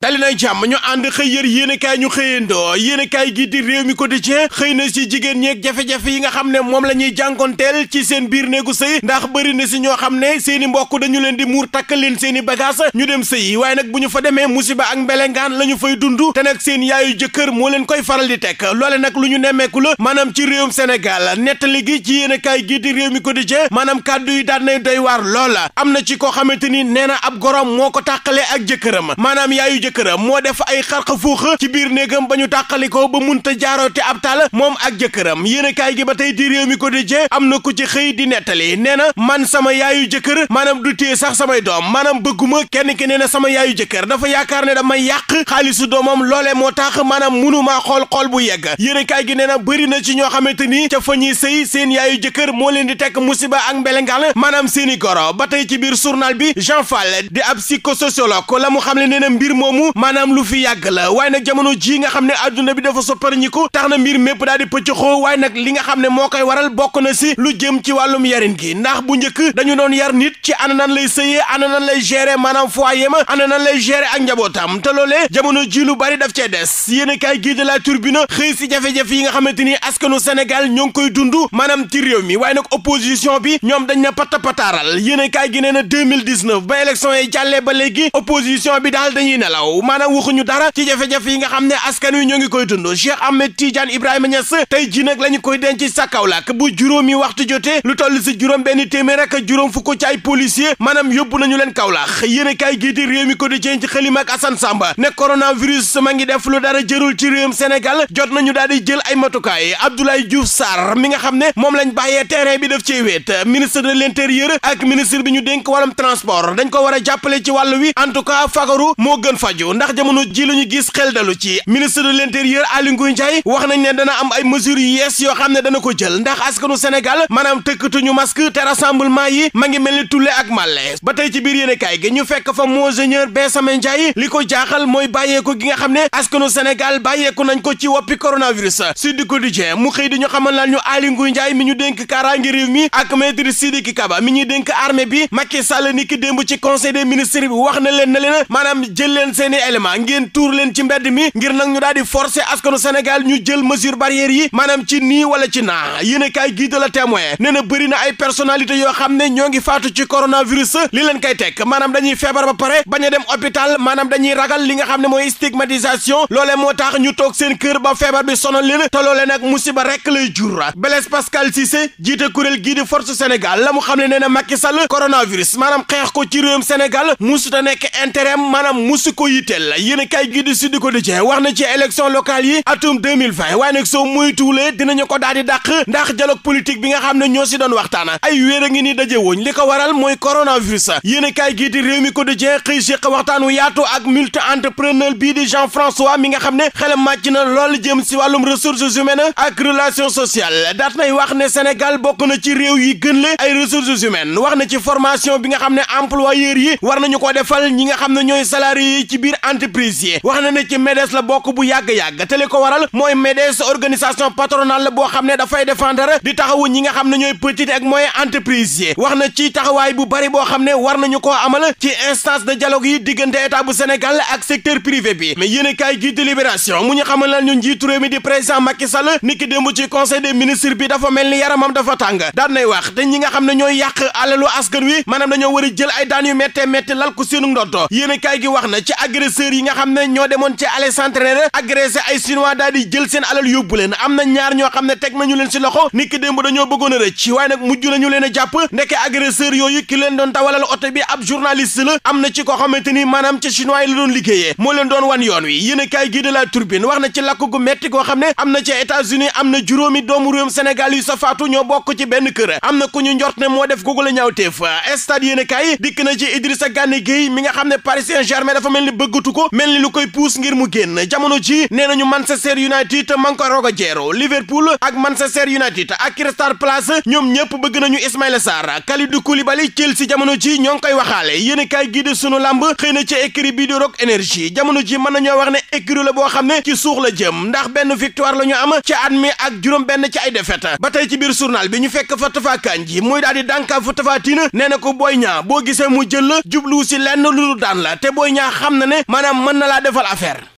dali na jàmm ñu ànd xëy yër yéenekaay ñu xëyandoo yéenekaay gi di réew mi ko quotidien xëy na ci jigéen ñeeg jafe-jafe yi nga xam ne moom la ñuy jànkonteel ci seen biir néegu sëy ndax bëri na si ñoo xam ne seen i mbokk dañu leen di muur takk leen seeni i bagage ñu dem sëy waaye nag bu ñu fa demee musiba ak mbelengaan la ñu fay dund te nag seen yaayu jëkkër moo leen koy faral di tekk loole nag lu ñu nemmeeku la maanaam ci réewum Sénégal nettali gi ci yéenekaay gi di réew mi quotidien maanaam kàddu yi daan nay waar loola am na ci koo xamante ni nee na ab gorom moo ko tàqalee ak jëkkëram maanaam yaayu jëkkëram moo def ay xarxa fuuxa ci biir néegam ba ñu tàqalikoo ba mun munta jaaroote ab taal moom ak jëkkëram yéen kaay gi ba tey di réew mi ko di jee am na ku ci xëy di nettali nee na man sama yaayu jëkkër maanaam du téye sax samay doom maanaam bëgguma kenn ki nee na sama yaayu jëkkër dafa yaakaar ne damay yàq xaalisu doomam loole moo tax maanaam ma xool xool bu yegg yéen kaay gi nee na bëri na ci ñoo xamante ni ca fa ñuy sëy seen yaayu jëkkër moo leen di tekk musiba ak ba tey ci biir journal bi Jean Fall di ab psychosociologue la mu xam ne nee na mbir moomu maanaam lu fi yàgg la waaye nag jamono ji nga xam ne adduna bi dafa sopparñiku tax na mbir mépp daal di pëccëxoo waaye nag li nga xam ne moo koy waral bokk na si lu jëm ci wàllum yarin gi ndax bu njëkk dañu doon yar nit ci ana nan lay sëyee ana nan lay gérer maanaam foyer ma ana nan lay gérer ak njabootam te loolee jamono ji lu bari daf cee des yéen a kaay gii la turbine xëy si jafe-jafe yi nga xamante ni askanu senegal ñoo ngi koy dund maanaam ci réew mi waaye nag opposition bi ñoom dañ na patta pataaral yéen a kaay gi nee na 2019 ba élection yi bi daal dañuy nelaw waaw maanaam waxuñu dara ci jafe-jafe yi nga xam ne askan wi ñoo ngi koy dund Cheikh Ahmed Tidiane Ibrahima Niass tey ji nag la ñu koy denc sa Kaolack bu juróomi waxtu jotee lu toll si juróom benn téeméer ak juróom fukk ci ay policier maanaam yóbbu nañu leen Kaolack yéen a kaay gii di réew mi ko di ci xalima ak Assane Samba ne coronavirus ma ngi def lu dara jërul ci réewum Sénégal jot nañu daal di jël ay matukaay Abdoulaye Diouf Sarr mi nga xam ne moom lañ bàyyee terrain bi def ci wéet ministre de l'intérieur ak ministre bi ñu dénk wàllum transport dañ ko war jàppale ci wàll wi en tout cas fagaru moo gën jooju ndax jamono ji la gis xel dalu ci ministre de l'intérieur Aly wax nañ ne dana am ay mesures yees yoo xam ne dana ko jël ndax askanu Sénégal maanaam tëkkatuñu masque te rassemblement yi ma ngi mel ni tulle ak màlle ba tey ci biir yéen kaay gi ñu fekk fa monseigneur Benjamin Ndiaye li ko jaaxal mooy bàyyeeku gi nga xam ne askanu Sénégal bàyyeeku nañ ko ci woppi coronavirus Sud Quotidien mu xëy di ñu xamal laan ñu Aly mi ñu dénk kaaraange mi ak maître seeni élément ngeen tuur leen ci mbedd mi ngir nag ñu daal di forcer askanu Sénégal ñu jël mesure barrière yi maanaam ci nii wala ci naa yéen a kaay gii de la témoin nee na bëri na ay personnalité yoo xam ne ñoo ngi faatu ci coronavirus li leen koy teg maanaam dañuy feebar ba pare bañ a dem hôpital maanaam dañuy ragal li nga xam ne mooy stigmatisation loolee moo tax ñu toog seen kër ba feebar bi sonal leen te loolee nag musiba rek lay jur Blaise Pascal Cissé jiite kuréel gii di force Sénégal la mu xam ne nee na Macky Sall coronavirus maanaam xeex ko ci réewum Sénégal musuta nekk intérêt maanaam yitteel la yéen a kaay gi di Sud Quotidien wax na ci élection locale yi atum 2020 waaye nag muy tuulee dinañu ko daal di ndax dialogue politique bi nga xam ne ñoo si waxtaana ay wéer a ngi ni daje woon li ko waral mooy coronavirus yéen a kaay gi di Rewmi Quotidien xëy séq waxtaan wu yaatu ak multi entrepreneur bii di Jean François mi nga xam ne xelam màcc na lool jëm si wàllum ressources humaines ak relations sociales daat nay wax ne Sénégal bokk na ci réew yi gën la ay biir entreprise yi wax na ne ci MEDES la bokk bu yàgg-yàgg te ko waral mooy MEDES organisation patronale la boo xam ne dafay défendre di taxawu ñi nga xam ne ñooy petite ak moyen entreprise yi wax na ci taxawaay bu bari boo xam ne war nañu koo amal ci instance de dialogue yi diggante état bu Sénégal ak secteur privé bi mais yéen a kaay gi de Libération mu ñu xamal la ñu njiitu réew di président Macky Sall niki démb ci conseil des ministres bi dafa mel ni yaramam a jël ay a kaay gi agresseur yi nga xam ne ñoo demoon ci Alexandre agressé ay chinois daal jël seen alal yóbbu leen am na ñaar ñoo xam ne teg nañu leen si loxo ni ki démb dañoo bëggoon a rëcc waaye nag mujj nañu leen a jàpp ndeke agresseur yooyu ki leen doon tawalal oto bi ab journaliste la am na ci koo xamante ni maanaam ci chinois yi la doon liggéeyee moo leen doon wan yoon wi yéen a kaay gii de la turbine wax na ci lakk gu metti koo xam ne am na ci états am na juróomi moo def googu bëggatu ko mel ni lu koy puus ngir mu génn jamono ji nee nañu Manchester United ma ngi koy roog a jeero Liverpool ak Manchester United ak Crystal Palace ñoom ñëpp bëgg nañu Ismaïla Sarr Kalidou Koulibaly Chelsea jamono ji ñoo ngi koy waxaale yéen a kaay gii de sunu lamb xëy na ci écrit bi di Rock Énergie jamono ji mën nañoo wax ne écurie la boo xam ne ci suux la jëm ndax benn victoire la ñu am ci at mi ak juróom benn ci ay défaite ba tey ci biir journal bi ñu fekk fa Tapha Kandji muy daal di dànkaa fu Tapha Tine nee na ko Boy ñaa boo gisee mu jël jublu si lenn lu daan la te Boy ñaa xam na ne maanaam mën na laa defal affaire